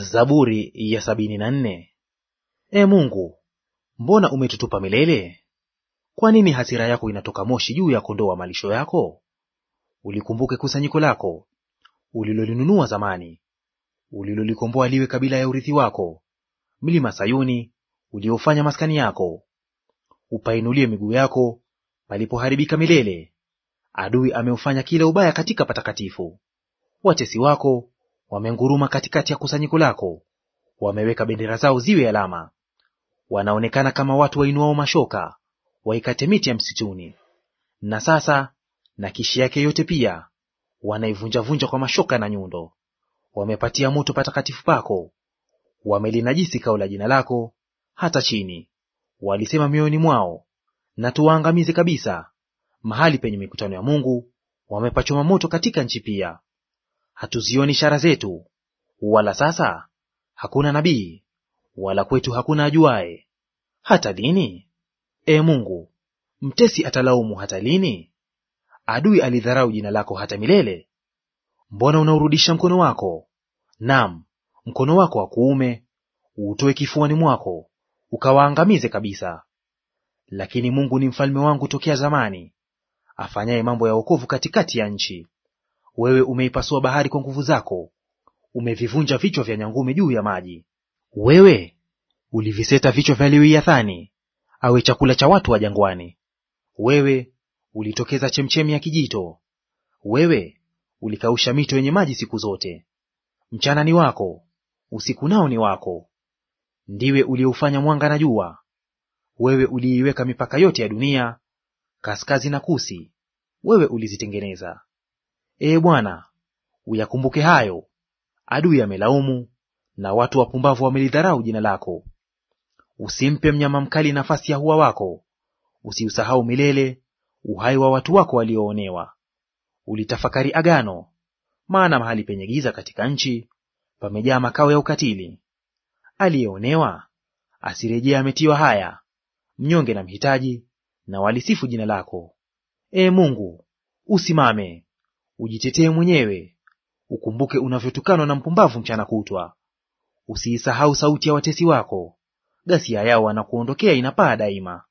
Zaburi ya sabini na nne. E Mungu, mbona umetutupa milele? Kwa nini hasira yako inatoka moshi juu ya kondoo wa malisho yako? Ulikumbuke kusanyiko lako ulilolinunua zamani, ulilolikomboa liwe kabila ya urithi wako, mlima Sayuni uliofanya maskani yako. Upainulie miguu yako palipoharibika milele. Adui ameufanya kila ubaya katika patakatifu. Watesi wako wamenguruma katikati ya kusanyiko lako, wameweka bendera zao ziwe alama. Wanaonekana kama watu wainuao mashoka waikate miti ya msituni. Na sasa na kishi yake yote pia wanaivunjavunja kwa mashoka na nyundo. Wamepatia moto patakatifu pako, wamelinajisi kao la jina lako hata chini. Walisema mioyoni mwao, na tuwaangamize kabisa. Mahali penye mikutano ya Mungu wamepachoma moto katika nchi pia hatuzioni ishara zetu, wala sasa hakuna nabii, wala kwetu hakuna ajuaye. Hata lini, e Mungu, mtesi atalaumu hata lini? Adui alidharau jina lako hata milele? Mbona unaurudisha mkono wako, nam mkono wako wa kuume utoe kifuani mwako, ukawaangamize kabisa. Lakini Mungu ni mfalme wangu tokea zamani, afanyaye mambo ya wokovu katikati ya nchi. Wewe umeipasua bahari kwa nguvu zako, umevivunja vichwa vya nyangumi juu ya maji. Wewe uliviseta vichwa vya Lewiathani awe chakula cha watu wa jangwani. Wewe ulitokeza chemchemi ya kijito, wewe ulikausha mito yenye maji siku zote. Mchana ni wako, usiku nao ni wako. Ndiwe uliyeufanya mwanga na jua. Wewe uliiweka mipaka yote ya dunia, kaskazi na kusi wewe ulizitengeneza. Ee Bwana, uyakumbuke hayo. Adui amelaumu na watu wapumbavu wamelidharau jina lako. Usimpe mnyama mkali nafasi ya hua wako, usiusahau milele uhai wa watu wako walioonewa. Ulitafakari agano, maana mahali penye giza katika nchi pamejaa makao ya ukatili. Aliyeonewa asirejea ametiwa haya, mnyonge na mhitaji na walisifu jina lako. Ee Mungu, usimame. Ujitetee mwenyewe, ukumbuke unavyotukanwa na mpumbavu mchana kutwa. Usiisahau sauti ya watesi wako, ghasia yao wanakuondokea inapaa daima.